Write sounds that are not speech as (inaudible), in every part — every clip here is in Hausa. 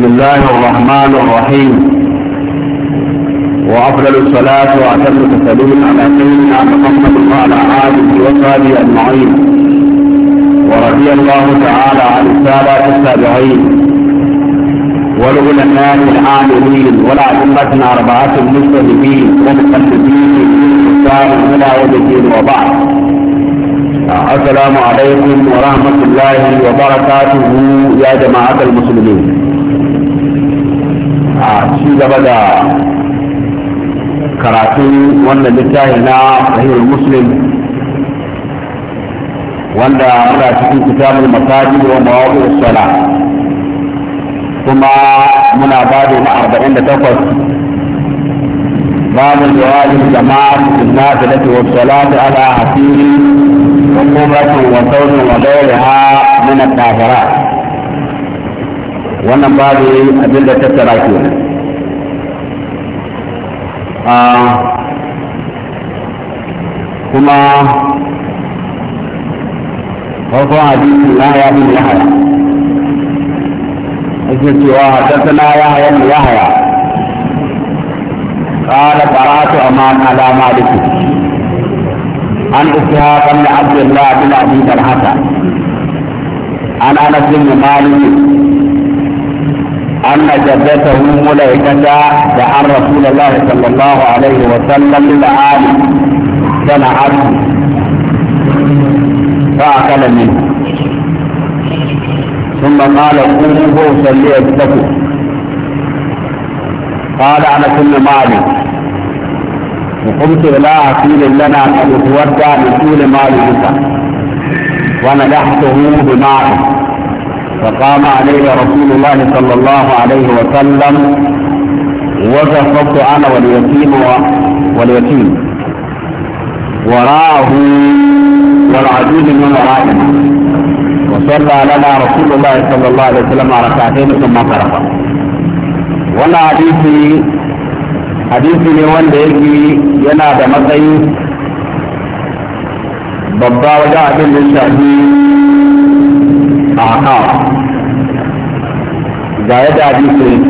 بسم الله الرحمن الرحيم وأفضل الصلاة وأتم التسليم على سيدنا محمد وعلى آله وصحبه أجمعين ورضي الله تعالى عن السادة ولغنى الناس العاملين والأئمة اربعه المجتهدين والمقلدين والكفار إلى يوم الدين وبعد السلام عليكم ورحمة الله وبركاته يا جماعة المسلمين a ci gaba da karatun wannan littafi na sahihul muslim wanda muna cikin kitabul masajid wa mawaqi'us sala kuma muna bado na 48 باب جواز الجماعة في النافلة والصلاة على عتيق وقمرة وثوب وغيرها من الكافرات wannan babu abin da tattara ke nan kuma farkon hadisi na ya bin yahaya ake cewa haddathana yahaya bin yahaya قال قرأت أمان على مالك عن إسحاق بن عبد الله بن أبي طلحة عن أنس بن مالك أن جدته ملائكة عن رسول الله صلى الله عليه وسلم لعالي صنعت فأكل منه ثم قال قوموا فأصلي أجدته قال أنا كل مالي وقمت إلى أكيل لنا أن اتودى من طول مالي بك ونجحته بماء فقام علي رسول الله صلى الله عليه وسلم وقفت أنا واليتيم واليتيم وراه والعجوز من ورائنا وصلى لنا رسول الله صلى الله عليه وسلم ركعتين ثم فرق وانا حديثي hadisi ne wanda yake yana بابا matsayi babba wajen ga yadda su yi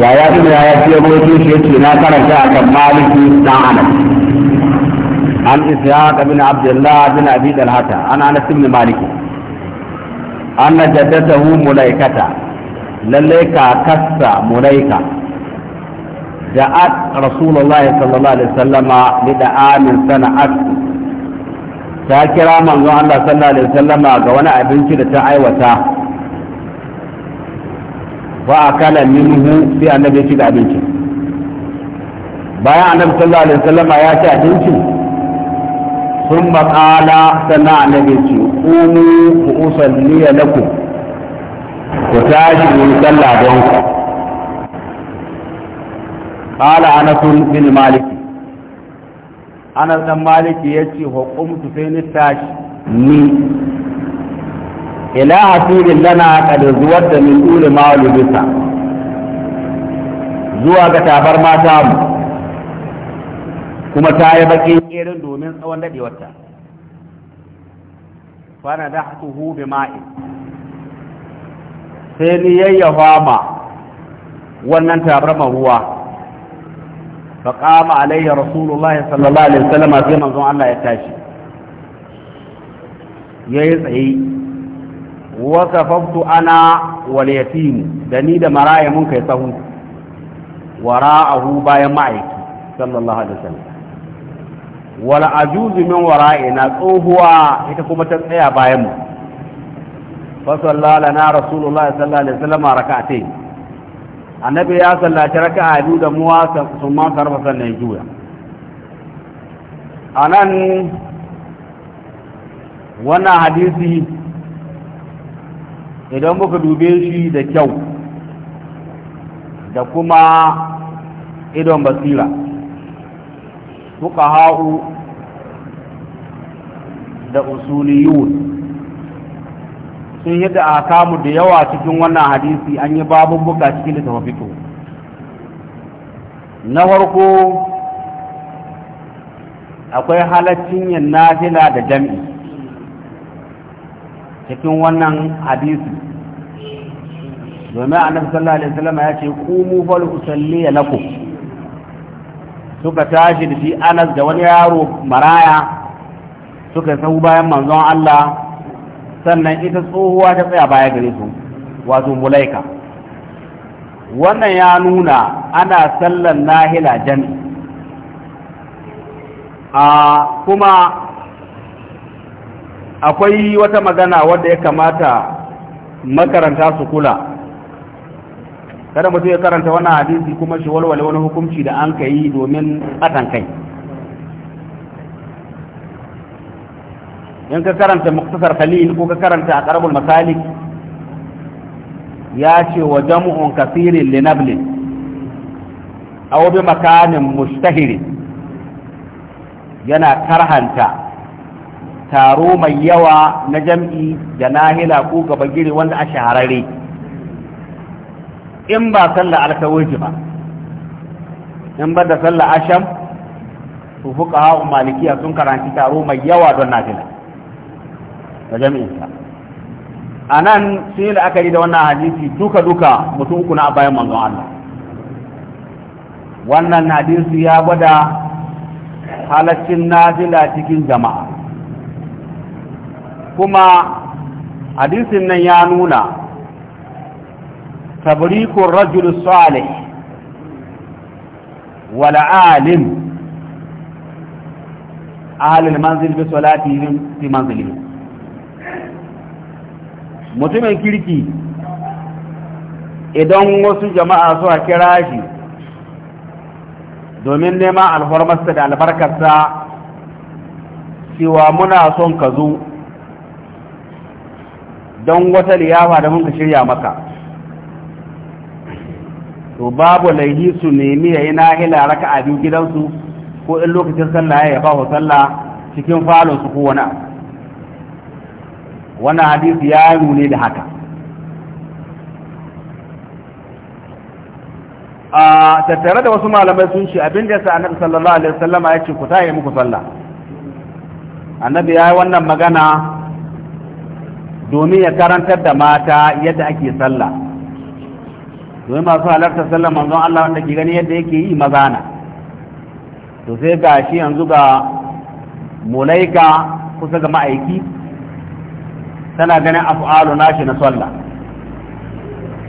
ya ya tuna ya ce rokin shi yake na karanta kan maliki dan anas an ishaq bin abdullah bin abi dalhata an anas bin malik an jaddatahu mulaikata lalle ka kassa mulaika da'at rasulullahi sallallahu alaihi wasallama li da'amin sana'at ta kira manzon Allah sallallahu alaihi wasallama ga wani abinci da ta aiwata wa akala minhu sai annabi ya ci da abinci bayan annabi sallallahu alaihi wasallam ya ci abinci sun maƙala sannan annabi ce ƙumu ku usalliya lakum ku tashi ku yi sallah don ku qala anas bin malik anas maliki yace hukumtu sai ni tashi ni ila hasirin lana kad zuwar da min ule ma lubisa zuwa ga tabar mata mu kuma ta yi bakin irin domin tsawon dadewarta fana da hatuhu bi ma'i sai ni yayyafa ma wannan tabar ruwa فقام عليه رسول الله صلى الله عليه وسلم في منظوم الله يتاشي يتعي wasafaftu ana wal yatim da ni da maraya mun kai sahu wara'ahu bayan ma'aiki sallallahu alaihi wasallam wal ajuz min wara'ina tsohuwa ita kuma ta tsaya bayan mu fa sallallahu lana rasulullahi sallallahu alaihi wasallam rak'atayn annabi ya sallaci raka'a biyu da mu wasa sun ma karfa sannan juya anan wannan hadisi idan muka dube shi da kyau da kuma idon basira fuka ha'u da usuliyun sun yi da akamu da yawa cikin wannan hadisi an yi buga cikin littafafito na farko akwai halaccin yin nafila da jami'i. cikin wannan hadisi domin annabi sallallahu alaihi wasallam ya ce qumu fal usalli lakum suka tashi da shi Anas da wani yaro maraya suka sahu bayan manzon Allah sannan ita tsohuwa ta tsaya baya gare su wato mulaika wannan ya nuna ana sallan nahila jami'a ah, kuma akwai wata magana wadda ya kamata makaranta su kula kada mutum ya karanta wani hadisi kuma shi walwale wani hukunci da an ka domin ɓatan kai in ka karanta muktasar khalil ko ka karanta a masalik ya ce wa jam'un kasirin linablin aw bi makanin mustahiri yana karhanta taro mai yawa na jam'i da nahila ko gaba giri wanda a shahararre in ba sallah alkawarji ba in ba da sallah asham su fuka hawa malikiya sun karanci taro mai yawa don nahila da jam'insa a nan sun yi la'akari da wannan hadisi duka-duka mutum uku na bayan manzon Allah wannan hadisi ya gwada halaccin nafila cikin jama'a kuma hadisin nan ya nuna tabrikun rajul salih wal alim ahli manzil bi salatihim fi manzilihim mutumin kirki idan wasu jama'a suka kira shi domin neman alfarmarsa da albarkarsa cewa muna son ka zo don wata liyafa da mun ka shirya maka to babu laihi su nemi yayi nahila raka'a biyu gidansu ko in lokacin sallah ya ba wa sallah cikin falon su ko wani wani hadisi ya nune da haka a tattare da wasu malamai sun ce abinda yasa annabi sallallahu alaihi wasallama ya ce ku tayi muku sallah annabi ya yi wannan magana domin ya karantar da mata yadda ake sallah domin masu halarta sallah manzon Allah wanda ke gani yadda yake yi mazana to sai ga shi yanzu ga mulaika kusa ga ma'aiki tana ganin af'alu nashi na sallah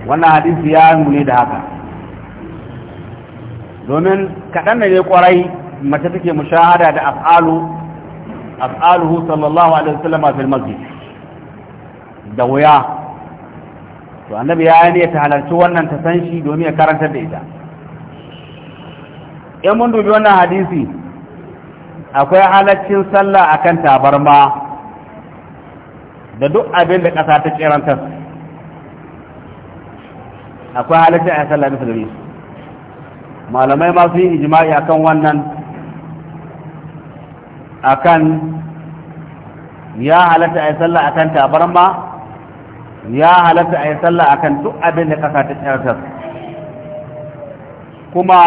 wannan hadisi ya nune da haka domin kaɗan ne kwarai mace take mushahada da af'alu af'aluhu sallallahu alaihi wasallam fil masjid da wuya to annabi ya ne ta halarci wannan ta san shi domin ya karantar da ita in mun dubi wannan hadisi akwai halaccin sallah akan tabarma da duk abin da ƙasa ta tsirantar akwai halaccin a sallah bisa da malamai ma su yi ijma'i akan wannan akan ya halatta a sallah akan tabarma ya halatta a yi sallah akan duk abin da kasa ta tsayartar kuma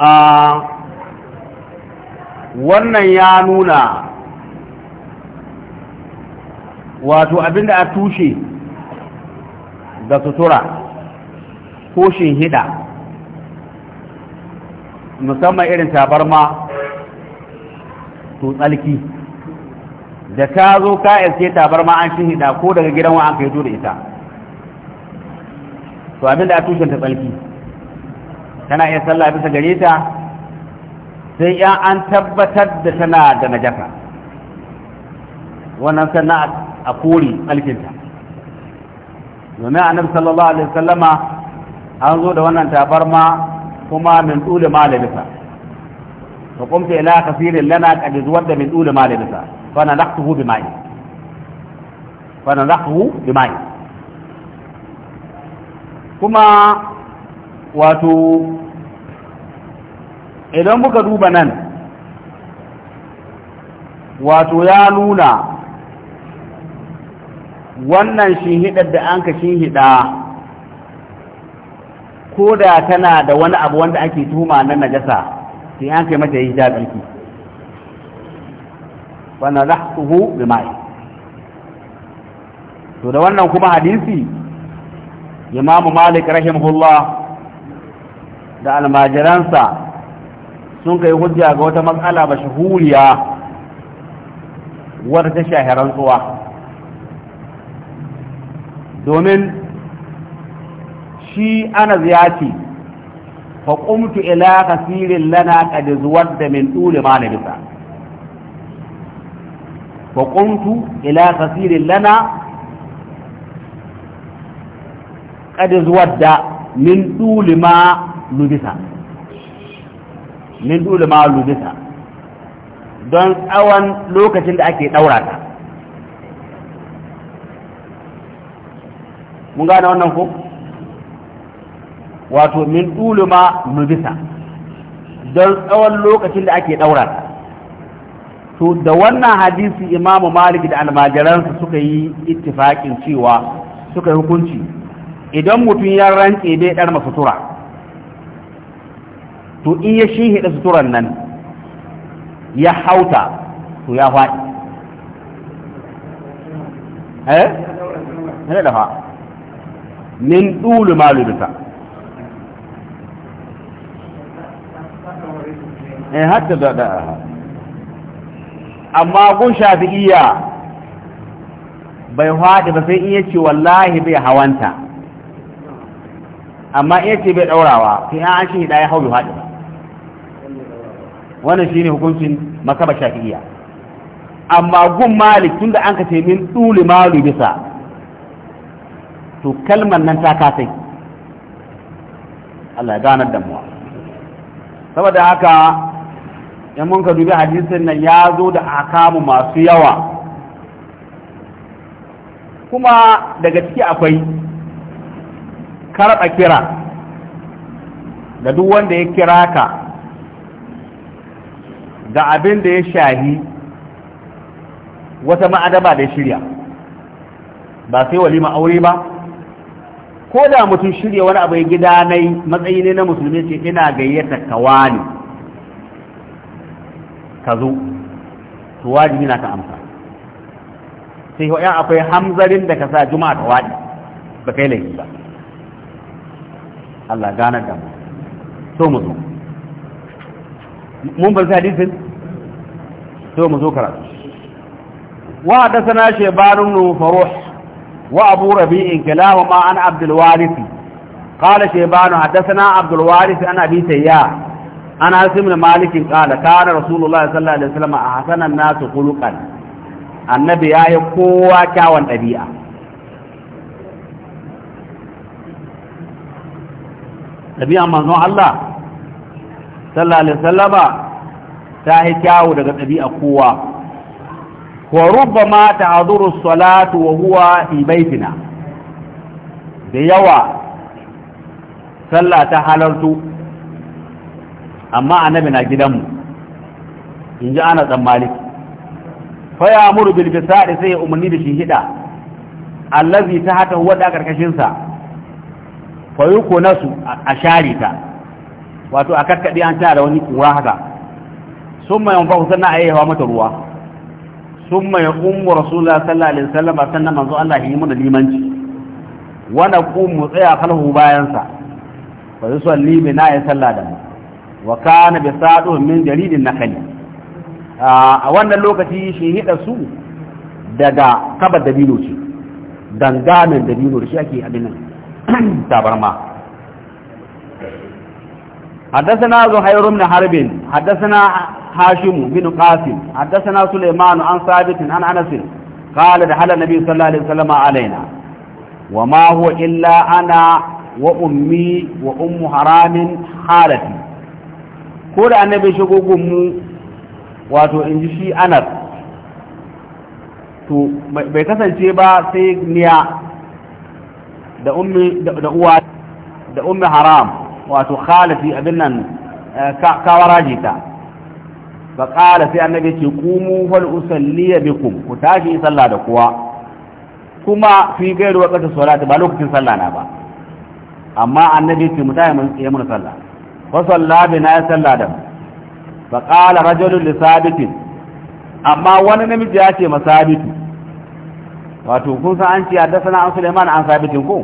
a wannan ya nuna wato abin da a tushe da sutura ko hida musamman irin tabarma to tsalki da ta zo ka iske tabarma an shi hida ko daga gidan wa an kai to da ita to abinda a tushen ta tsalki tana iya sallah bisa gare ta sai ya an tabbatar da tana da najasa wannan sannan a kori tsalkinta domin annabi sallallahu alaihi wasallama an zo da wannan tabarma kuma min tsule malibisa fa qumta ila kasirin lana qad zuwadda min tsule malibisa فنضحته بماء فنضحته بماء كما واتو idan muka duba nan wato ya nuna wannan hidar da an ka shinhida ko da tana da wani abu wanda ake tuma na najasa sai an kai mata yi ta wa nadahtuhu bima'i to da wannan kuma hadisi Imam Malik rahimahullah da almajiransa sun kai hujja ga wata matsala shahuriya wadda ta shaharan tsuwa domin shi ana ziyarci faƙumtu ila kasirin lana ƙadizuwar da min ɗule ma na bisa فقمت إلى قصير لنا قد زود من طول ما لبسا من طول ما لبسا don tsawon lokacin da ake ɗaura ta mun gane wannan ko wato min ɗuluma nubisa don tsawon lokacin da ake ɗaura to da wannan hadisi imamu malik da almajiransa suka yi ittifakin cewa suka yi hukunci idan mutum ya rantse bai ɗarma sutura to in ya shi da suturan nan ya hauta to ya faɗi eh ne dafa min dulu malubita eh hatta da da amma gun shafi'iyya bai haɗe ba sai iya ce wallahi bai hawanta amma iya ce bai ɗaurawa sai an shi hidaya hau bai haɗe ba wannan shine hukuncin masaba shafi'iyya amma gun malik tunda an ka ce min ɗuli malu bisa to kalmar nan ta kasai Allah ya ganar da mu saboda haka in mun ka dubi hadisin nan ya zo da akamu masu yawa kuma daga ciki akwai karɓa kira da duk wanda ya kira ka da abin da ya shahi wata ma'adaba da shirya ba sai walima aure ba ko da mutum shirya wani abu ya gida na matsayi ne na musulmi ce ina gayyata kawani ka zo to wajibi na ka amsa sai ya akwai hamzarin da ka sa juma'a ta waɗi ba kai laifi ba Allah gane da mu so mu zo mun bar hadisin so mu zo karatu wa hadathana shaybanun faruh wa abu rabi'in ma an abdul warith قال شيبان حدثنا عبد الوارث عن ابي تيار an asim da malikin kala kana rasulullah sallallahu alaihi wasallam a hasanan nasu khuluqan annabi ya yi kowa kyawun ɗabi'a. dabi'a manzo Allah sallallahu alaihi wasallama ta yi kyawu daga ɗabi'a kowa wa rubbama ta'dhuru as-salatu wa huwa fi da yawa sallah ta halartu amma annabi na gidanmu in ji ana dan malik fa ya amuru bil bisari sai ya umarni da shi hida allazi ta hata huwa da karkashin sa fa yuko nasu a share ta wato a kakkade an tara wani kura haka summa yanfa sannan hawa mata ruwa summa ya ummu rasulullahi sallallahu alaihi wasallam sannan manzo Allah ya yi mana limanci wa naqumu tsaya kalhu bayan sa fa yusalli bina ya salla da mu wa kana bi saduhum min jaridin nakhl a wannan lokaci shi hida su daga kabar dabino ce dangamin dabino da shi ake abin nan tabarma حدثنا زهير بن حرب حدثنا هاشم بن قاسم حدثنا سليمان عن ثابت عن انس قال دخل النبي صلى الله عليه وسلم علينا وما هو إلا أنا وأمي وأم حرام خالتي ko da annabi shigo gummu wato in ji shi anar to bai kasance ba sai niya da ummi da uwa da ummi haram wato khalati abin nan eh, kawara jita ba qala sai annabi ce qumu fal usalli bikum ku tashi sallah da kuwa kuma fi gairu waqti salati ba lokacin sallah na ba amma annabi ce mutane ya mun sallah fasalla bina ya salla da fa qala rajulun li sabit amma wani namiji ya ce masabitu wato kun san an ce haddasa an Sulaiman an sabitin ko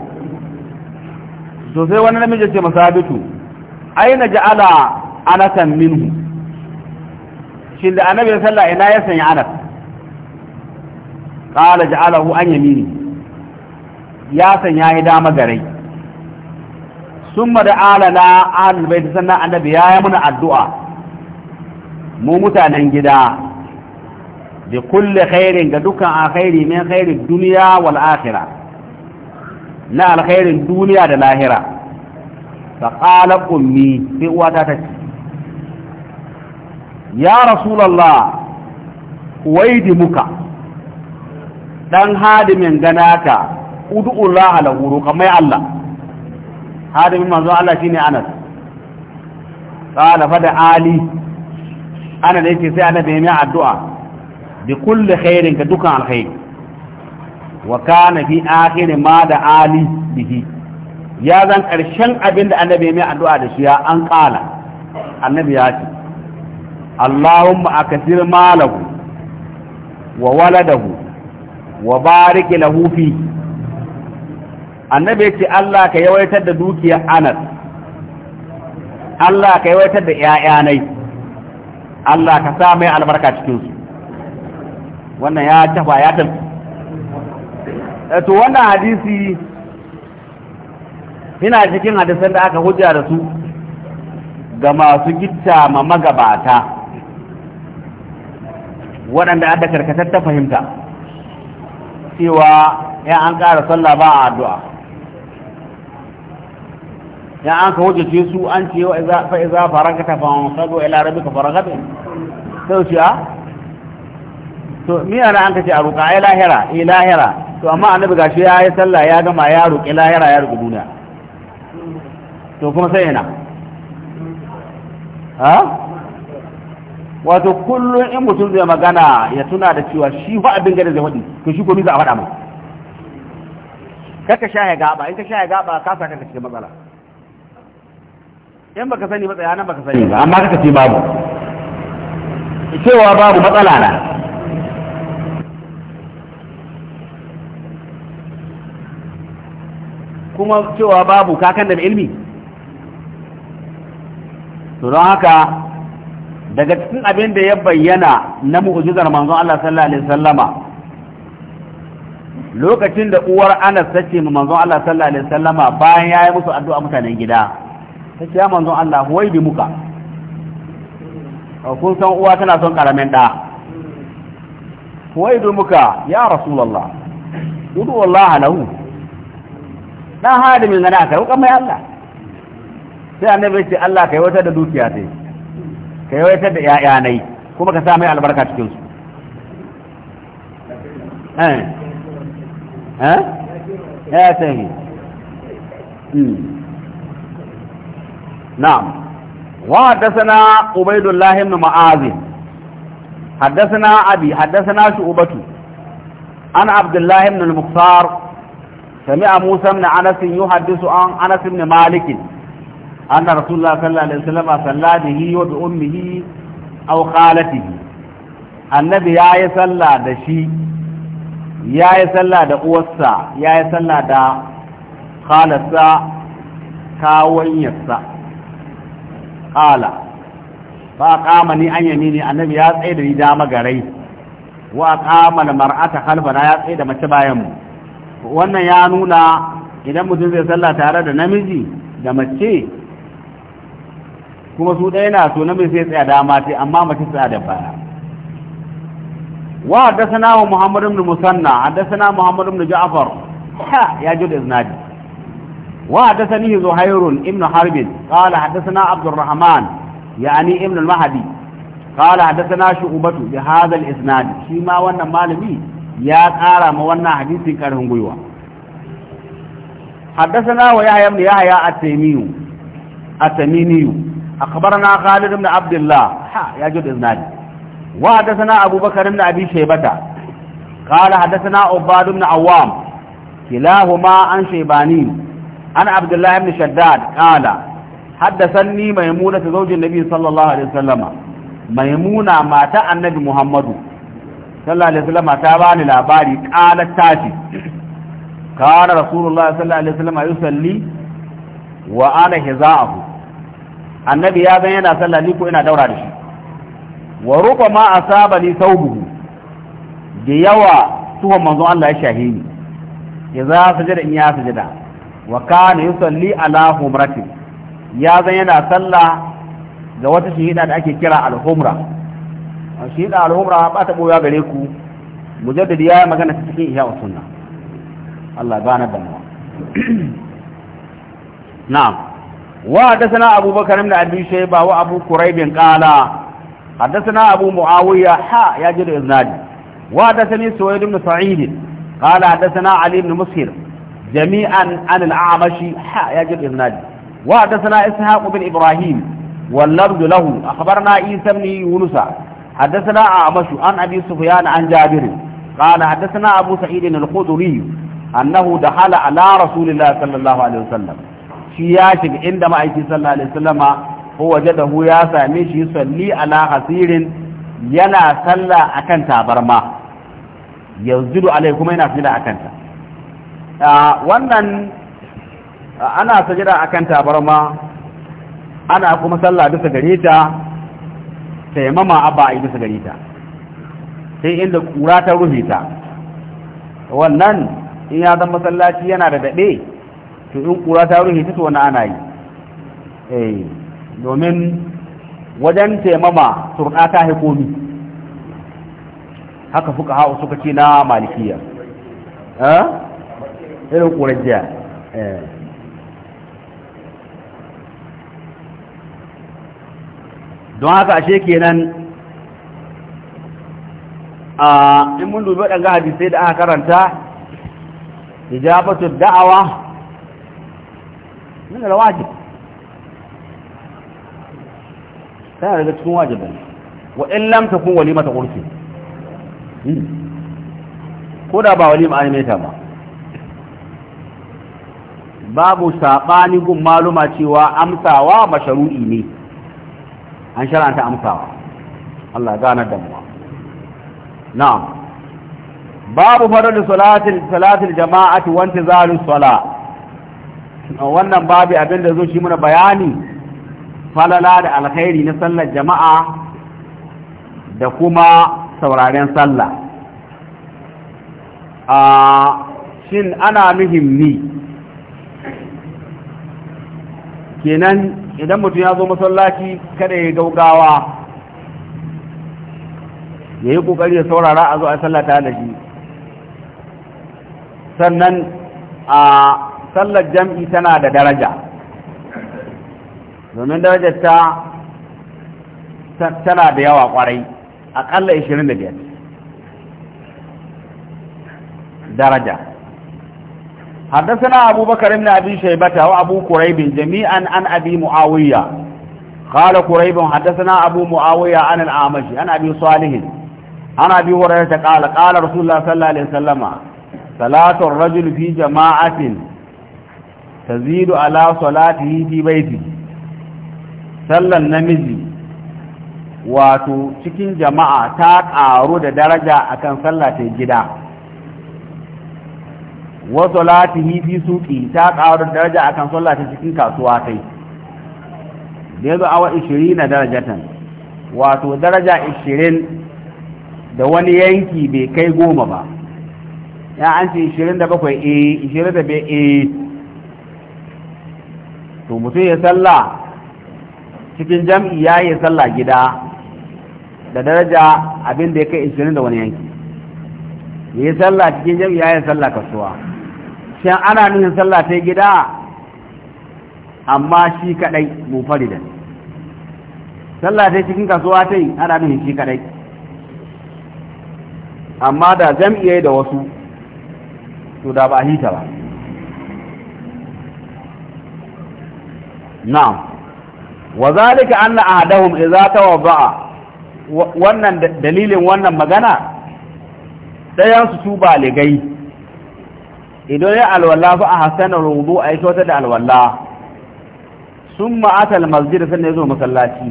to sai wani namiji ya ce masabitu aina ja'ala anatan minhu shin da annabi sallallahu ina ya sanya anas qala ja'alahu an yamini ya sanya ya dama garai sun da alala ahlul baiti sannan annabi ya yi muna addu'a mu mutanen gida da kulle khairin ga dukkan alkhairi min khairin duniya wal akhira na alkhairin duniya da lahira fa qala ummi sai uwata ta ce ya rasulullah waidi muka dan hadimin ganaka ud'u Allah lahuru kamar Allah hadimin manzon Allah shine Anas qala fa da ali ana da yake sai annabi mai addu'a bi kulli khairin ka dukan alkhair wa kana fi akhir ma da ali bihi ya zan karshen abin da annabi mai addu'a da shi ya an qala annabi ya ce Allahumma akasir malahu wa waladahu wa barik lahu fihi annabi yace Allah ka yawaitar da dukiyar Anas Allah ka yawaitar da ƴaƴanai Allah ka sa mai albarka cikin su wannan ya tafa ya tafi eh, to wannan hadisi ina cikin hadisan da aka hujja da su ga masu gitta ma magabata waɗanda aka karkatar ta fahimta cewa ya an ƙara sallah ba a addu'a ya an ka hujjace su an ce wa iza fa iza farakata fa sabu ila rabbika faragatin sai ce a ah? to mi ana an ka ce a ruka ai lahira ai eh, lahira to amma annabi gashi ya yi sallah ya gama ya ila lahira ya ruki duniya to kuma sai ina ha wato kullum in mutum zai magana ya tuna da cewa shi fa abin gada zai faɗi to shi ko mi za a faɗa mai kaka sha ya gaba in ka sha ya gaba ka sa ka cikin matsala in baka sani ba tsaya nan baka sani ba amma kaka ce babu cewa babu matsala na kuma cewa babu kakan da ilmi to don haka daga cikin abin da ya bayyana na mu'ujizar manzon Allah sallallahu alaihi wasallama lokacin da uwar Anas ta ce manzon Allah sallallahu alaihi wasallama bayan yayi musu addu'a mutanen gida take ya manzon Allah wai bi muka kun san uwa tana son karamin da wai bi muka ya rasulullah udu wallahi lahu na min gana ka roƙa mai Allah sai annabi ce Allah kai wata da dukiya sai kai wata da yayanai kuma ka sa mai albarka cikin su eh eh ya sai نعم وحدثنا عبيد الله بن معاذ حدثنا أبي حدثنا شعبة عن عبد الله بن المختار سمع موسى بن أنس يحدث عن أنس بن مالك أن رسول الله صلى الله عليه وسلم صلى به وبأمه أو خالته annabi ya yi sallah da shi ya yi sallah da uwarsa ya yi sallah da khalarsa kawanyarsa qala fa qama ni an yamini annabi ya tsaye da ni dama magarai wa qama al mar'ata khalfana ya tsaye da mace bayan mu wannan ya nuna idan mutum zai salla tare da namiji da mace kuma su ɗaya na so namiji sai tsaya dama ce amma mace tsaya da baya wa haddasana wa muhammad ibn musanna haddasana muhammad ibn ja'far ya ji da iznadi وحدثني زهير ابن حرب قال حدثنا عبد الرحمن يعني ابن المهدي قال حدثنا شعبة بهذا الإسناد فيما وانا مالبي يا قال ما وانا حديث كارهن غيوا حدثنا ويحيى بن يحيى التيمي التميمي أخبرنا خالد بن عبد الله ها يا جد إسناد وحدثنا أبو بكر بن أبي شيبة قال حدثنا عباد بن عوام كلاهما عن شيبانين أنا عبد الله بن شداد قال حدثني ميمونة زوج النبي صلى الله عليه وسلم ميمونة مات النبي محمد صلى الله عليه وسلم تابعني لاباري قالت تاتي كان رسول الله صلى الله عليه وسلم يصلي وأنا هزاءه النبي يا بينا صلى ليكو إنا دورة لشي وربما أصابني ثوبه ديوا سوى منظوم الله يشاهيني إذا سجد إن يا سجده wa kana yusalli ala humratin ya zan yana sallah ga wata shahida da ake kira al-humra shahida al-humra ba ta boya gare ku mujaddid ya yi magana ta cikin ihya sunna Allah gane da mu (clears throat) na'am wa hadathana Abu Bakar ibn Abi Shayba wa Abu Quraib qala hadathana Abu Muawiya ha ya jiru iznadi wa hadathani Suwaid ibn Sa'id قال حدثنا علي بن مسهر جميعا عن الأعمش حا يجب إذنادي وحدثنا إسحاق بن إبراهيم واللفظ له أخبرنا عيسى بن يونس حدثنا أعمش عن أبي سفيان عن جابر قال حدثنا أبو سعيد الخدري أنه دخل على رسول الله صلى الله عليه وسلم شياشك عندما أيتي صلى الله عليه وسلم هو جده يا ساميش يصلي على غسير ينا صلى أكنت برما يزدد عليه كما ينا صلى أكنت wannan ana a kan tabarma ana kuma sallah bisa gare ta taimama abba a yi bisa gare ta sai inda kura ta rufe ta wannan in ya zama masallaci yana da daɗe to in kura ta rufe ta to wani ana yi eh, domin wajen taimama turɗa ta haikomi haka fuka hau suka ce na malikiya eh? irin ƙurajiya eh. don haka ashe kenan a in mun dubi waɗanga hadisai da aka karanta hijabatu da'awa min alwajib tana daga cikin wajiban wa in lam takun walimata qursi hmm. ko da ba walima an mai ta ba babu saɓani gun maluma cewa amsawa masharu'i ne an sharanta amsawa Allah ganar da muwa na'am babu farar salatin salatin jama'ati wanta zalin sala wannan babu abinda zo shi muna bayani falala da alkhairi na sallar jama'a da kuma sauraren sallah a ah, shin ana muhimmi kenan idan mutum ya zo masallaci kada ya gaugawa ya yi ƙoƙari ya saurara a zo a sallata da shi sannan a sallar jam'i tana da daraja domin darajar ta tana da yawa kwarai aƙalla 25 daraja حدثنا أبو بكر بن أبي شيبة وأبو كريب جميعا عن أبي معاوية قال كريب حدثنا أبو معاوية عن الأعمش عن أبي صالح عن أبي هريرة قال قال رسول الله صلى الله عليه وسلم صلاة الرجل في جماعة تزيد على صلاته في بيته صلى النمزي wato cikin jama'a ta ƙaru da daraja akan sallah ta gida wa salatihi fi suqi ta ƙaru daraja akan sallah ta cikin kasuwa kai da yazo awa 20 na darajatan wato daraja 20 da wani yanki bai kai goma ba ya an ce 27 eh bai eh to mutum ya sallah cikin jam'i ya yi sallah gida da daraja abin da ya kai 20 da wani yanki ya yi sallah cikin jam'i ya yi sallah kasuwa sai ana nufin sallah ta gida amma shi kadai mu da sallah ta cikin kasuwa ta yi ana nufin shi kadai amma da jam'iyyai da wasu to da ba hita ba na'am wa zalika anna ahadahum idza tawadda'a wannan dalilin wannan magana dayan su tuba ligai idan ya alwala fa a hasana rubu a ita wata da alwala sun ma'ata almasjid sannan ya zo masallaci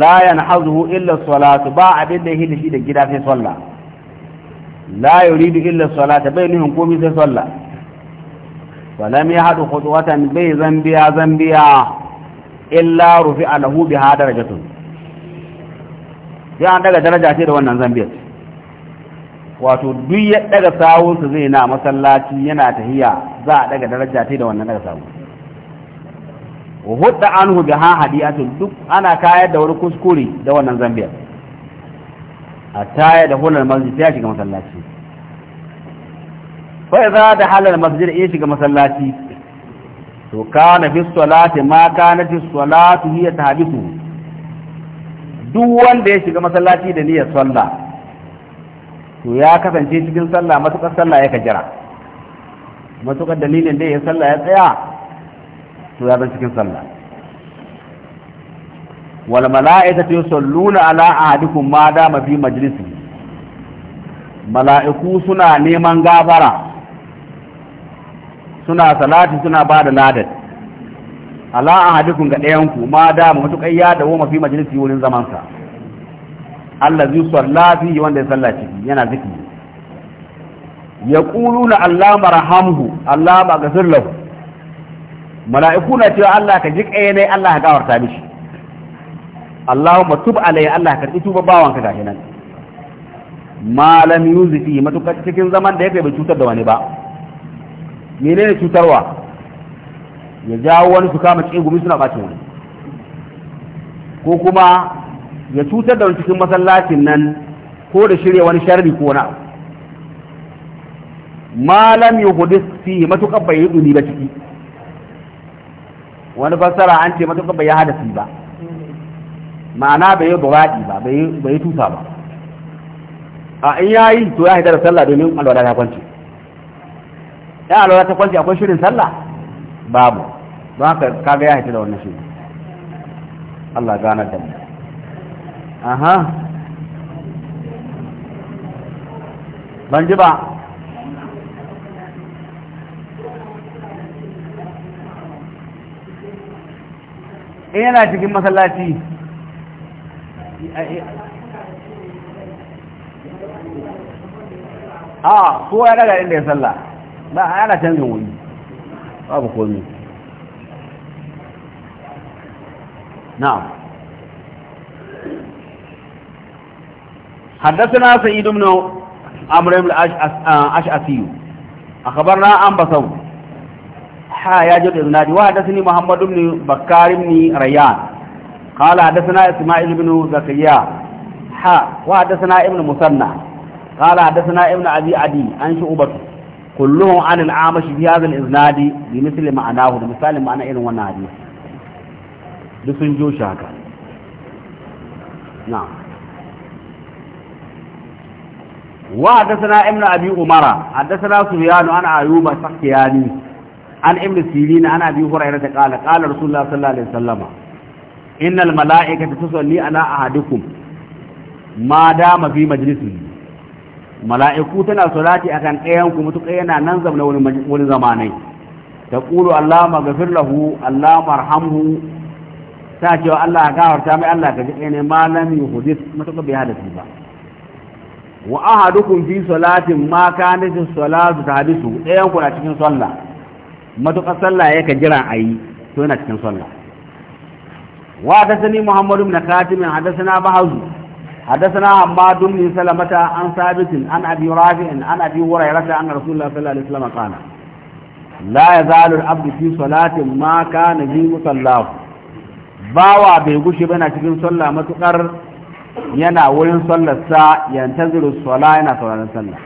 la yanhazuhu illa salatu ba abin da ya yake shi da gida sai sallah la yuridu illa salata bai nuhin komai sai sallah falam yahdu khutwatan bai zambiya zambiya illa rufi rufi'a lahu biha darajatun sai an daga daraja ce da wannan zambiyar wato duk ya daga sawunsa zai na masallaci yana tahiya za a daga daraja ta da wannan daga sawu hudda anhu bi ha hadiyatu duk ana kayar da wani kuskure da wannan zambiyar a taya da hular masjid ya shiga masallaci fa idza da halar masjid ya shiga masallaci to kana fi salati ma kana fi salati hiya tahbisu duk wanda ya shiga masallaci da niyyar sallah to ya kasance cikin sallah matukar sallah ya jira matukar dalilin da ya sallah ya tsaya to ya zan cikin sallah wal mala'ikatu yusalluna ala ahadikum ma dama fi majlisi mala'iku suna neman gafara suna salati suna ba da ladar ala ahadikum ga ɗayanku ma dama matuƙar ya dawo mafi majlisi wurin zamansa Allah zai salla fi wanda ya salla ciki yana ziki ya ƙulu na Allah marhamhu Allah ba ga ku mala'iku na cewa Allah ka ji ƙaya ne Allah ka gawarta mishi Allahumma tub alayhi Allah ka karɓi tuba ka gashi nan malam yuzifi matukar cikin zaman da ya kai bai cutar da wani ba menene cutarwa ya jawo wani su kama cikin gumi suna bacin wani ko kuma ya cutar da wani cikin masallacin nan ko da shirya wani sharri ko na malam ya hudu fi matuƙar bai yi ɗuni ba ciki wani fassara an ce matuƙar bai ya hadasi ba ma'ana bai yi bawaɗi ba bai yi tusa ba a in ya yi to ya da sallah domin alwala ta kwanci ya alwala ta kwanci akwai shirin sallah babu don haka kaga ya haita da wannan shirin Allah ganar da mu aha ban ji ba in eh, yana cikin masallaci a kowa ya daga inda ya salla ba a yana canjin wuri babu komi na'am حدثنا سيد بن عمرو بن الاشعثي اخبرنا عن بصو ها يجد النادي وحدثني محمد بن بكار بن ريان قال حدثنا اسماعيل بن زكريا ها وحدثنا ابن مسنى قال حدثنا ابن ابي عدي عن شعبة كلهم عن العامش في هذا الاسناد بمثل معناه بمثال معنى ايرن wannan hadisi duk sun jo shaka na'am وحدثنا ابن أبي أمرا حدثنا سفيان عن أيوب السختياني عن ابن سيرين عن أبي هريرة قال قال رسول الله صلى الله عليه وسلم إن الملائكة تصلي على أحدكم ما دام في مجلسه mala'iku tana salati akan ɗayanku mutuƙa yana nan zamna wani zamanai ta ƙulu Allah magafir lahu Allah marhamhu ta cewa Allah ka gafarta mai Allah ka ji ɗaya ne malami bai hadasi wa ahadukum fi salatin ma kanat as-salatu tahdisu ɗayan ku na cikin sallah matuƙar sallah yake jira ayi to yana cikin sallah wa hadathani muhammad ibn katim hadathana bahazu hadathana hammad ibn salamata an sabit an abi rafi' an abi hurairah an rasulullah sallallahu alaihi wasallam qala la yazalu al-abdu fi salatin ma kana bi musallahu bawa bai gushi bana cikin sallah matuƙar yana wurin sallarsa yantaziru sala yana sauraron sallah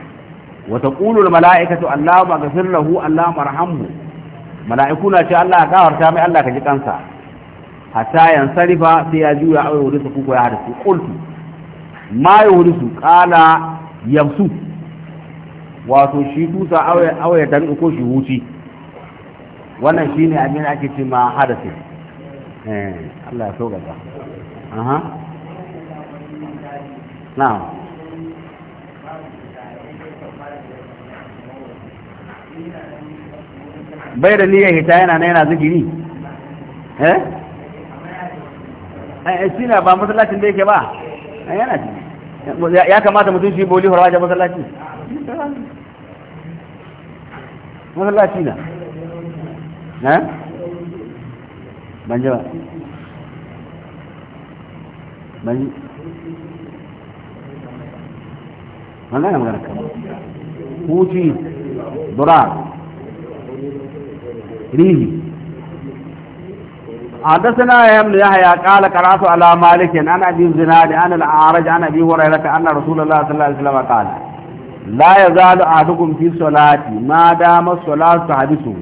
wa taqulu malaikatu allahumma ghfir lahu allahumma arhamhu na ce Allah ka warta mai Allah ka ji kansa hatta yansarifa sai ya juya aure wurin su ko ya hadasu qultu ma su qala yamsu wato shi tusa aure aure dan ko shi huci wannan shine abin ake cewa ma hadasi eh Allah ya sauka aha na'am bai da niyyar hita yana na yana zigiri? Eh? eh eh shi na ba matsalacin da yake ba eh, yana ci ya kamata mutum shi boli horwaje wajen Matsalaci na na eh? ban Banjaba. ba an gane magana kan huci durar rihi حدثنا يا ابن يحيى قال قرأت على مالك عن أبي الزناد عن الأعرج عن أبي هريرة أن رسول الله صلى الله عليه وسلم قال لا يزال أحدكم في صلاتي ما دام الصلاة تحدثه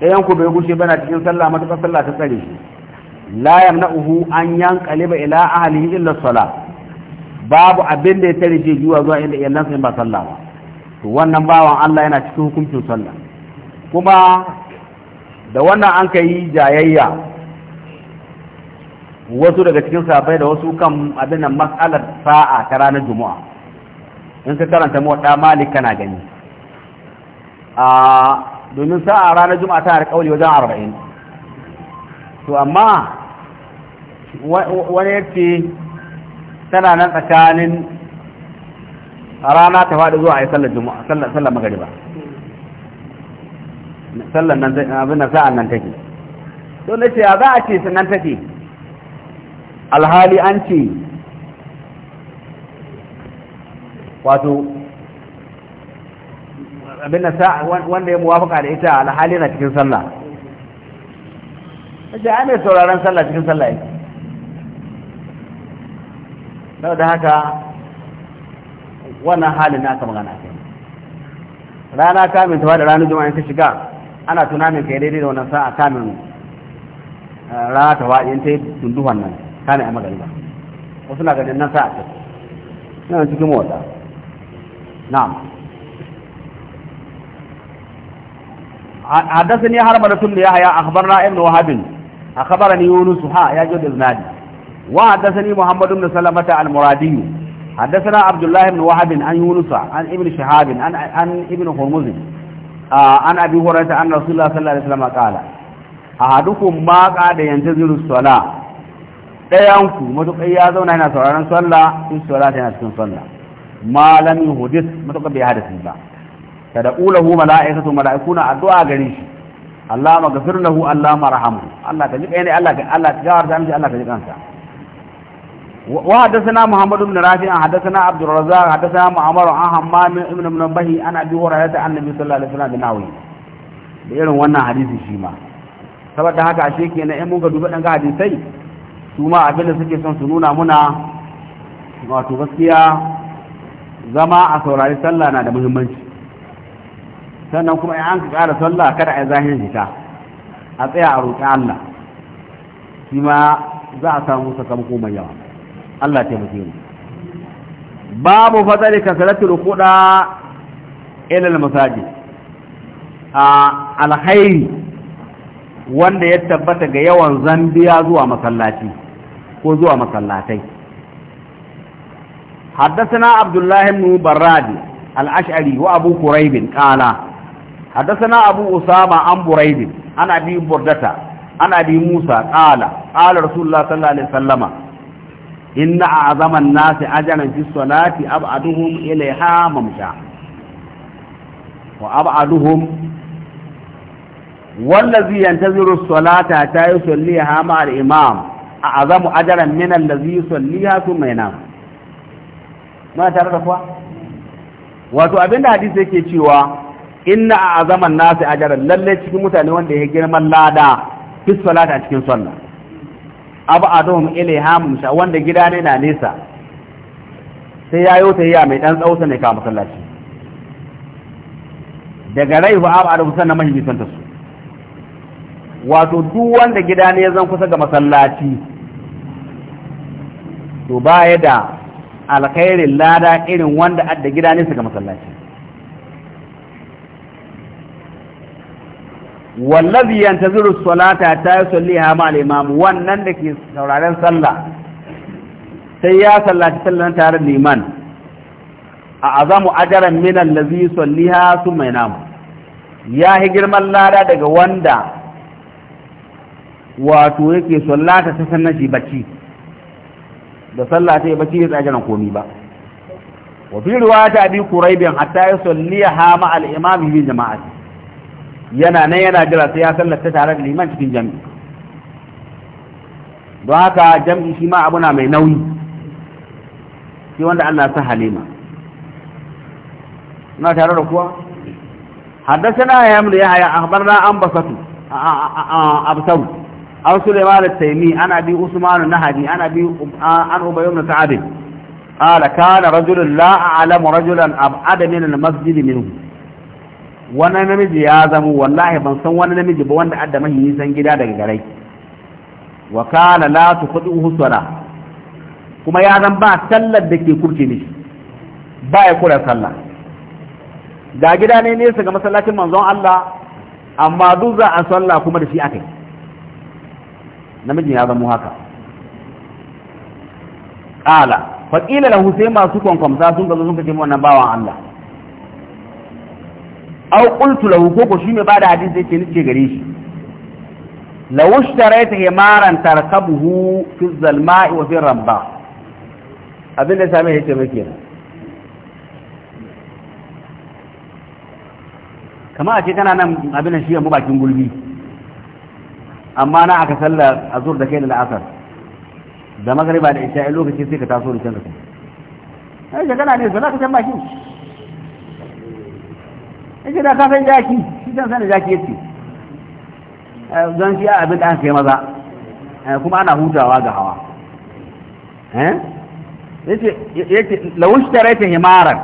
ɗayan ku bai gushe bana cikin sallah matuƙar sallah ta tsare shi la yamna'uhu an yanqaliba ila ahlihi illa salat babu abin da ya tare shi zuwa zuwa inda iyalansa in ba sallah ba to wannan bawan Allah yana cikin hukuncin sallah kuma da wannan an kai jayayya wasu daga cikin sahabbai da wasu kan abin nan mas'alar sa'a ta ranar juma'a in ka karanta mu da malik kana gani a domin sa'a ranar juma'a ta da kauli wajen 40 to amma wani yake tana nan tsakanin rana ta faɗi zuwa a yi sallar juma'a sallar magariba sallar nan abin da sa'an nan take to na ce ya za a ce sannan take alhali an ce wato abin da wanda ya muwafaka da ita alhali na cikin sallah ta ce ai mai sauraron sallah cikin sallah yake na da haka wannan halin na aka magana kai rana kamin tawa da ranar juma'a ta shiga ana tunanin kai daidai da wannan sa'a kamin eh, rana tawa in ta yi dunduwan nan kamin a magariba wasu na ganin nan sa'a ta nan cikin motsa na'am حدثني هرمله بن يحيى اخبرنا ابن وهب اخبرني يونس ها يا جود الزنادي وحدثني محمد بن سلمة المرادي حدثنا عبد الله بن وهب عن يونس عن ابن شهاب عن عن ابن هرمز عن ابي هريره ان رسول الله صلى الله عليه وسلم قال احدكم ما قعد ينتظر الصلاه dayanku matukai ya zauna yana sauraron sallah in sallah yana cikin sallah malami hudis matukai bai hadisi ba a mala'ikatu mala'ikuna addu'a gare shi Allah maghfir lahu Allah marhamu Allah ta ji ne Allah Allah ta gawar Allah ta ji kansa وحدثنا محمد بن رافع حدثنا عبد الرزاق حدثنا معمر عن حمام ابن منبه عن ابي هريره عن النبي صلى الله عليه وسلم بناوي da irin wannan hadisi shi ma saboda haka ashe kenan in mun ga duba dan hadisi su ma abinda suke son su nuna muna wato gaskiya zama a saurari sallah na da muhimmanci sannan kuma in an ka kara sallah kada a zahirin hita a tsaya a roƙi Allah shi ma za a samu sakamako mai yawa Allah ta mutu ne babu fadari kasaratul kuda ilal masajid a alkhairi wanda ya tabbata ga yawan zambiya zuwa masallaci ko zuwa masallatai حدثنا عبد الله بن براد الأشعري وأبو كريب قال حدثنا أبو أسامة عن بريد عن أبي بردة عن أبي موسى قال قال رسول الله صلى الله عليه وسلم inna a'zama nasi ajran fi salati ab'aduhum ilayha mamsha wa ab'aduhum wallazi yantaziru salata ta yusalliha ma al-imam a'zamu ajran min allazi yusalliha thumma yanam ma tare da kuwa wato abinda hadisi yake cewa inna a'zama nasi ajran lalle cikin mutane wanda ya girman lada fi salati a cikin sallah Abu ab'aduhum ilayha musha wanda gida ne na nesa sai ya yi tayya mai dan tsawo ne ka masallaci daga rai ba raihu ab'aduhum sannan mahimmisan ta su wato duk wanda gida ne zan kusa ga masallaci to baya da alkhairin lada irin wanda adda gida ne su ga masallaci wallazi yantaziru salata ta yusalliha ma al-imam wannan da ke sauraren sallah sai ya sallaci sallan tare da liman a azamu ajran min allazi yusalliha thumma yanam ya hi girman lada daga wanda wato yake sallata ta sannan shi bacci da sallah ta yi bacci ya tsajaran komi ba wa fi riwayat abi quraibin hatta yusalliha ma al-imam bi jama'ati yana nan yana jira sai ya sallata tare da liman cikin jami'i don haka jami'i shi ma abuna mai nauyi shi wanda Allah sa halima na tare da kuwa haddasana ya yamru ya haya akhbarna an basatu absaru an sulaiman al-taymi ana bi usman nahadi ana bi an ubay ibn sa'd قال كان رجل لا اعلم رجلا ابعد من المسجد منه wani namiji ya zama wallahi ban san wani namiji ba wanda adda mahi nisan gida daga garai wa kana la tuqdihu sala kuma ya zan ba sallar da ke kurce mishi ba ya kura sallah ga gida ne nesa ga masallacin manzon Allah amma duk za a sallah kuma da shi akai namiji ya zama haka qala fa qila lahu sai masu kwankwamsa sun ga sun kace wannan bawan Allah aw qultu lahu koko shi ba bada hadisi yake nace gare shi law ishtarayta himaran tarkabuhu fi zalma'i wa fi ramba abinda ya same yake muke kama a ce kana nan abin da shi mu bakin gulbi amma na aka salla azur da kai da la'asar da magariba da isha'i lokaci sai ka taso da kanka ka kai ai kana ne za ka can shi yake da kafin jaki shi kan sanin jaki yake eh, don shi abin da aka kai maza eh, kuma ana hutawa ga hawa eh? yace lawush taraita himaran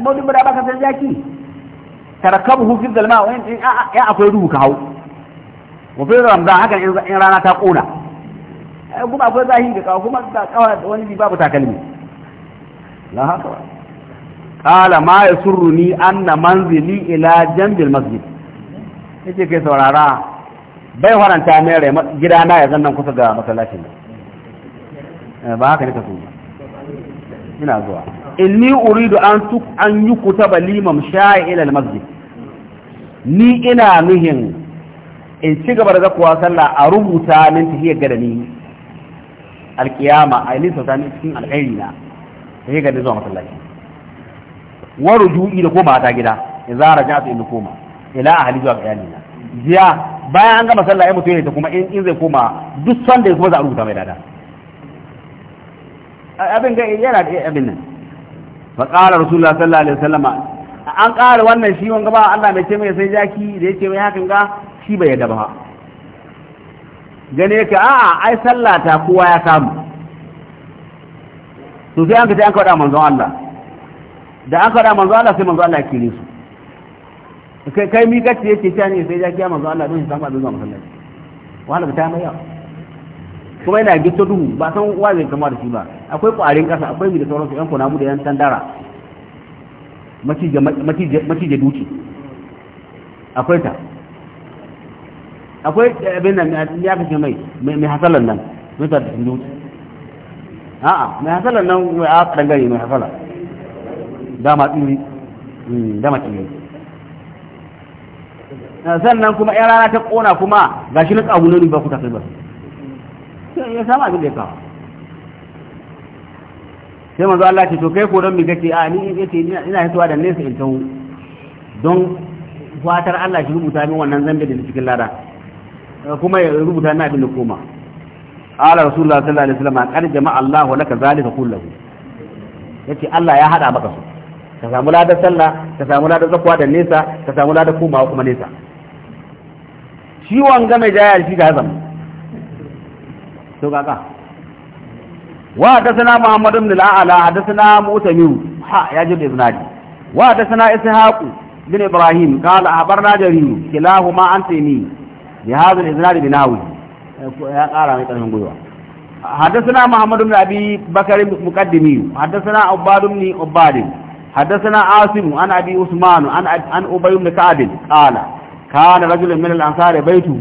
mutum ba baka san tarakabu hu fi zalma wa in ya akwai duhu ka hau wa fi ramdan haka in rana ta kona kuma akwai zahi da kawo kuma da kawa wani babu takalmi la haka qala ma yasurruni anna manzili ila jambil masjid yace kai saurara bai faranta mai rai gida na ya zannan kusa ga masallacin ba haka ne ka so ina zuwa inni uridu an tuk an yukutaba limam sha'i ila masjid ni ina nuhin in ci gaba da zakuwa sallah a rubuta min tahiyar gada ni alkiyama a yi nisa ta cikin alkhairi na tahiyar gada zuwa masallaci wa ruju'i da koma ta gida idza raja'tu in koma ila ahli zuwa ga na. jiya bayan an gama sallah ya mutu ne ta kuma in zai koma duk sanda ya kuma za a rubuta mai dada abin ga yana da abin nan fa qala rasulullah sallallahu alaihi wasallam an ƙara wannan shi wanga ba Allah mai ce mai sai jaki da yake mai hakan ga shi bai yadda ba gane ka a'a ai sallata kowa ya samu to sai an ka ta an kawo a manzon Allah da an faɗa manzo Allah sai manzo Allah ya kire su kai kai mi kace yake ta ne sai ya kiya manzo Allah don samu abin zuwa masallaci wahala ba ta mai ya kuma yana gito duhu ba san wa zai kama da shi ba akwai kwarin ƙasa akwai mi da sauransu yan kunamu da yan tandara macije duci akwai ta akwai eh, abin nan eh, ya kashe mai mai hasalan nan mai ta duci a'a mai hasalan nan wai a ɗangare mai hasalan dama tsiri hmm, dama tsiri ah, sannan kuma yan rana ta kona kuma ga shi lutsa gunoni ba ku tafi ba ya sama abin da ya kawo sai manzo Allah ce to kai ko don mi kace a ah, ni yace ina hitowa da nesa in tawo don fatar Allah shi rubuta min wannan zambe da cikin lada ah, kuma ya rubuta na abin da koma ala rasulullah sallallahu alaihi wasallam qad jama'a Allahu laka zalika kullahu yace Allah ya hada maka su ka samu ladar sallah ka samu ladar zakwa da nesa ka samu ladar komawa kuma nesa ciwon game jaya shi ga zama to kaka wa sana muhammad ibn al-a'la hadathana mutamim ha ya jid iznadi wa hadathana ishaq bin ibrahim qala abarna jari kilahuma antini bi hadha al-iznadi binawi ya qara mai karfin gwiwa حدثنا محمد بن ابي بكر المقدمي حدثنا عباد بن عباد حدثنا عاصم عن أبي عثمان عن عن أبي بن كعب قال كان رجل من الأنصار بيته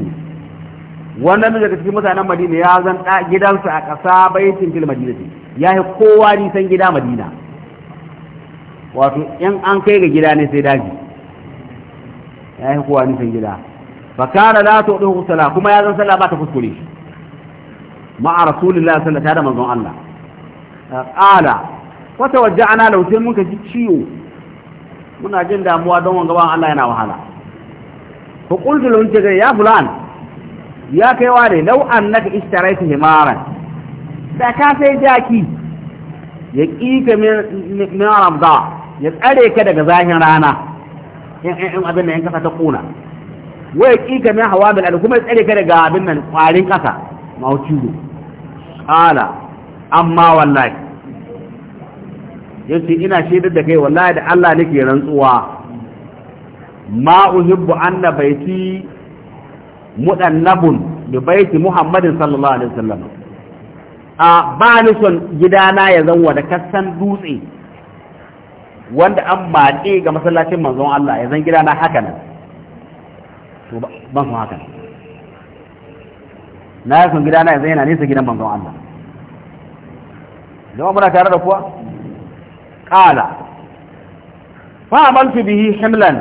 wannan daga cikin mutanen Madina ya zan gidansa a ƙasa baitin fil Madinati ya yi kowa ni san gida Madina wato in an kai ga gida ne sai daji ya yi kowa ni san gida fa kana la tu'dihu sala kuma ya zan sala ba ta kuskure ma'a rasulillahi sallallahu alaihi wasallam tare da manzon Allah qala wata wajen ana lautai muka ji ciwo muna jin damuwa don wanga ban Allah yana wahala fa qultu lahu ta ya fulan ya kai ware law annaka ishtaraita himaran da ka sai jaki ya kika min rabda ya tsare ka daga zahin rana in in abin nan kasa ta kuna wai kika min hawa bil al kuma tsare ka daga abin nan kwarin kasa maucido qala amma wallahi yace ina shaidar da kai wallahi da Allah nake rantsuwa ma uhibbu anna baiti mudannabun bi baiti Muhammadin sallallahu alaihi wasallam a ba ni son gidana ya zanwa da kasan dutse wanda an maɗe ga masallacin manzon Allah ya zan gidana haka nan to ban son haka na son gidana ya zan yana nesa gidan manzon Allah zama muna tare da kuwa kala fa fi bihi himlan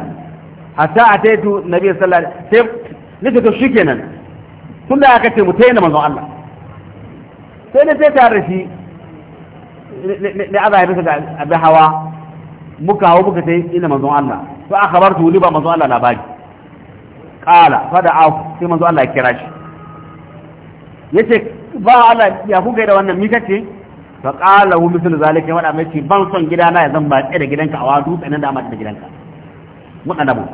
hatta ataitu nabiy sallallahu alaihi wasallam sai nake to tun da aka ce mu taina manzon Allah sai ne sai tare shi ne Allah ya a bi hawa muka hawa muka tai ina manzon Allah to a kabar wuli ba manzon Allah na labari kala fada a sai manzon Allah ya kira shi yace ba Allah ya kuka da wannan mika ce fa qala hu mithlu zalika wa mai ce ban son gidana ya zan ba da gidanka a wa dutse nan da amma da gidanka wadanda mu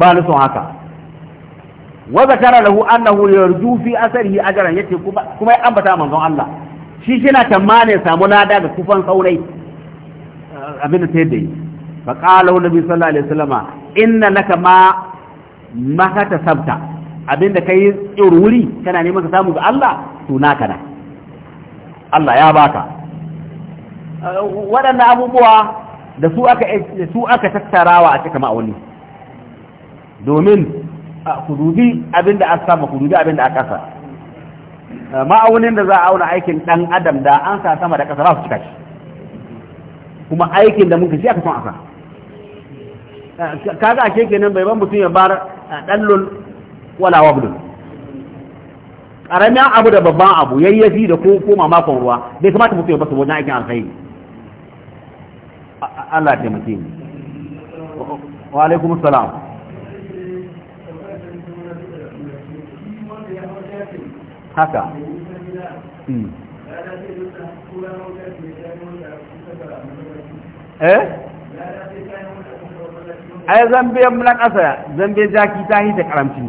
ba ni son haka wa zakara lahu annahu yarju fi asarihi ajran yace kuma ya ambata manzon Allah shi shi na tamane samu lada ga kufan saurai abin da ta yi fa qala hu nabi sallallahu alaihi wasallama inna laka ma maka ta sabta abinda kai tsiruri kana neman ka samu ga Allah to naka na Allah ya baka waɗannan abubuwa da su aka su aka tattarawa a cikin ma'auni domin ku dubi abinda aka samu ku dubi abinda aka kasa ma'aunin da za a auna aikin dan adam da an sa sama da kasa ba su cika shi kuma aikin da muka shi aka son asa kaga a kenan bai ban mutum ya bar dallun wala wabdun karamin abu da babban abu yayyafi da ko koma makon ruwa bai kamata mutum ya basu wajen aikin alkhairi Allah ya taimake ni wa alaikum salam haka hmm. eh ai zambiyan mun kasa zambe jaki ta da karamci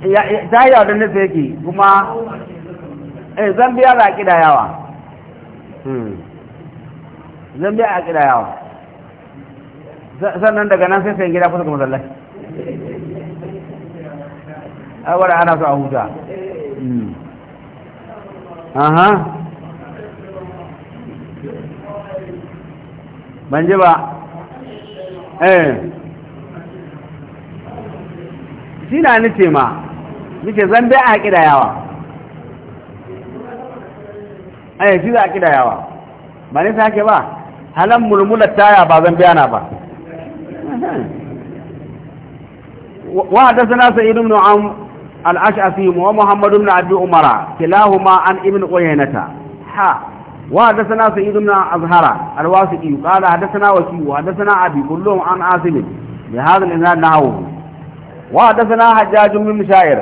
ta yi da nesa yake kuma eh biya za a ƙida yawa hmm. zan biya a ƙida yawa sannan daga nan sai sayan gida kusa ga masallaci awar ana su a huta hmm. aha ban ji ba eh shi na ce ma nake zan dai a haƙi yawa ai shi za a ƙida yawa ba ne sake ba halan mulmular taya ba zan biyana ba wa hadathana sa'id ibn am al-ash'afi wa muhammad ibn abi umara kilahuma an ibn uyaynata ha wa azhara وحدثنا سيد بن أزهر الواسقي قال حدثنا وكي وحدثنا أبي كلهم عن عاصم بهذا الإنسان نحوه وحدثنا حجاج بن مشاعر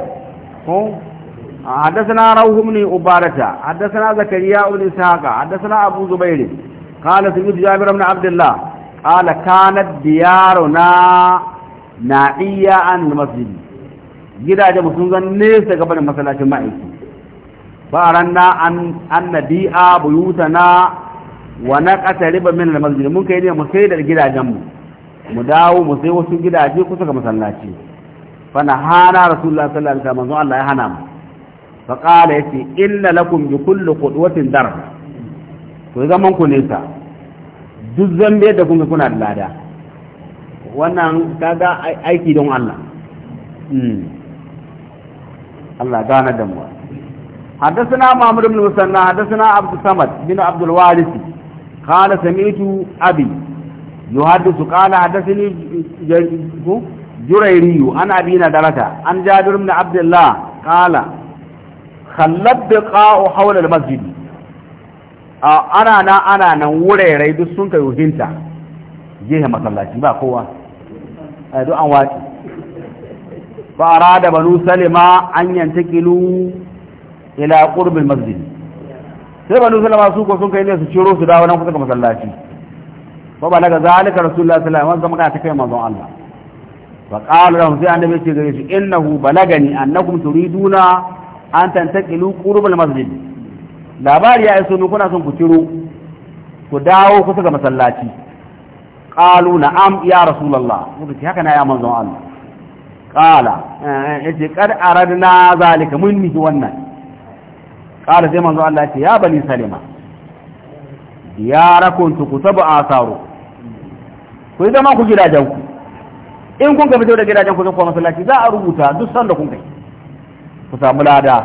حدثنا روح بن عبادة حدثنا زكريا بن إسحاق حدثنا أبو زبير قال سيد جابر بن عبد الله قال na, ديارنا نائية عن المسجد gidaje mu sun zan nesa gaba da masallacin ma'aiki ba ranna an annadi'a buyutana wa naqtariba min al-masjid mun kai ne mu sai da gidajen mu dawo mu sai wasu gidaje kusa ga masallaci fana hana rasulullah sallallahu alaihi wasallam Allah ya hana mu fa qala yace inna lakum bi kulli qudwatin darb to zaman ku ne ta duk zambe da kun kuna da lada wannan kaga aiki don Allah Allah gana da mu حدثنا معمر بن مسنى حدثنا عبد الصمد بن عبد الوارث قال سمعت أبي يحدث قال حدثني جريري عن أبي ندرة عن جابر بن عبد الله قال خلت بقاء حول المسجد أنا أنا أنا نوري ريد سنك يهنت جيه مسلاتي ما قوة أدو أنوات فأراد بنو سلمة أن ينتقلوا إلى قرب المسجد sai banu sallama su ko sun kai ne su ciro su dawo nan kusa ga masallaci fa balaga zalika rasulullahi sallallahu alaihi wasallam kuma ta kai manzon Allah فقال لهم في النبي صلى الله عليه وسلم إنه بلغني أنكم تريدون أن تنتقلوا قرب المسجد لا بار يا إسو نكون أسن كتيرو كداو كسك مسلاتي قالوا نعم يا رسول الله قلت هكذا يا منظم الله قال إذا قد أردنا ذلك مني وانا قال زي منظم الله يا بني سلمة دياركم كتب آثاره وإذا ما كجل جوكم in kun ka fito da gidajen kuzin kwanwa sallaci za a rubuta duk sanda kun kai ku samu lada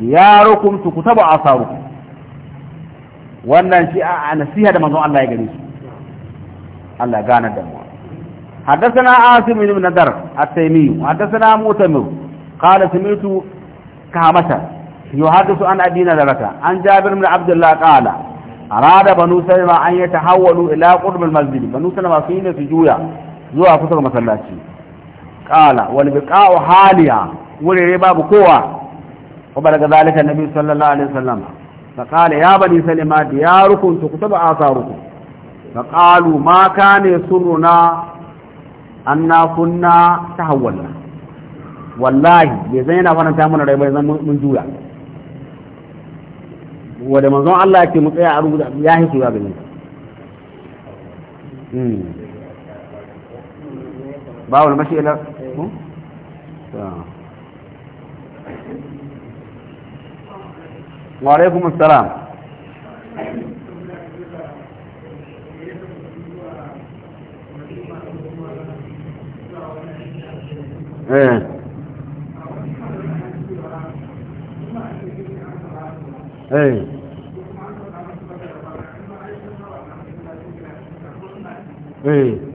yaro kun ku taba a saru wannan shi a nasiha da manzon Allah ya gani su Allah ya gane da mu haddathana asim ibn nadar at-taymi haddathana mutamir qala sami'tu kamata yuhaddithu an abina zarata an jabir ibn abdullah qala arada banu sayma an yatahawalu ila qurb al-masjid banu sayma fi juya zuwa kusa ga masallaci qala wal biqa'u haliya wurere babu kowa wa balaga zalika nabi sallallahu alaihi wasallam fa qala ya bani salima diyarukum tukutaba asarukum fa qalu ma kana yasurruna anna kunna tahawwalna wallahi bai zan yana faranta mana rai bai zan mun juya wanda manzon Allah yake mu tsaya a rubuta ya hisu ya gani hmm. babu almashi hmm? wa alaikum assalam eh eh, eh.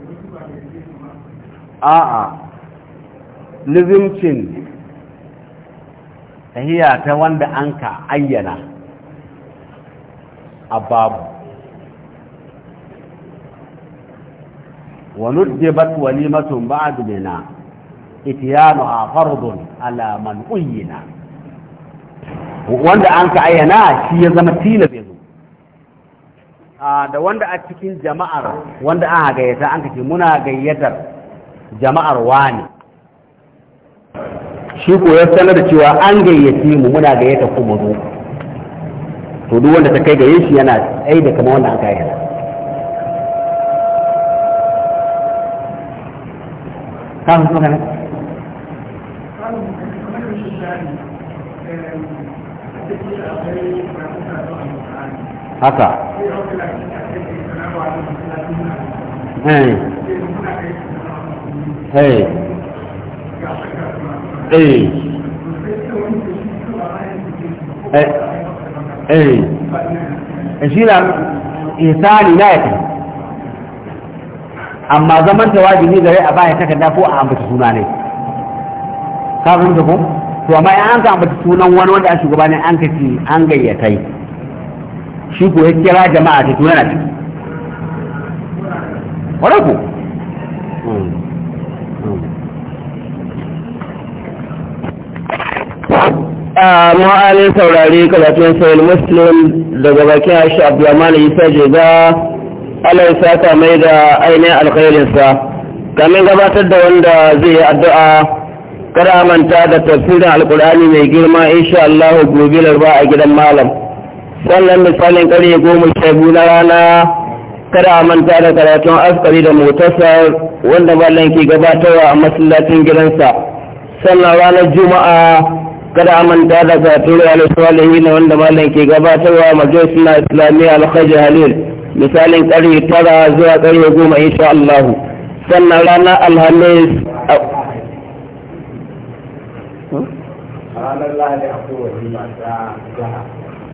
a'a nizimcin tahiya ta wanda an ka ayyana a babu ونجبت ba بعد منا a فرض على alaman أينا wanda an ka ayyana shi ya zama tilas A ah, da wanda a cikin jama'ar wanda an gayyata an kace muna gayyatar jama'ar wani shi ya sanar da cewa an gayyaci mu muna gayyata ku mu zo to duk wanda ta kai gayyaci shi yana tsaye da kamar wannan aka yana haka eh. Eh. eh eh eh eh shi na isali na ya amma zaman ta wajibi gare a baya takarda ko a ambata suna ne ka fahimta ko to amma in an ka ambata sunan wani wanda an shugaba ne an ka ci an gayyata shi ko ya kira jama'a ta tuna na wadda ko hmm. a an saurari karatun sayil muslim daga bakin ashi abdulrahman isa jega allah isa mai da ainihin alkhairinsa kamin gabatar da wanda zai yi addu'a kada manta da tafsirin alkur'ani mai girma insha Allah gobe larba a gidan malam sannan misalin kare goma sha biyu na rana kada manta da karatun askari da motasar wanda malam ke gabatarwa a masallacin gidansa sannan ranar juma'a kada a manta da karatun riyar salihi na wanda malam ke gabatarwa majalis suna islamiyya alhaji halil misalin karfe tara zuwa kare goma insha allahu sannan rana alhamis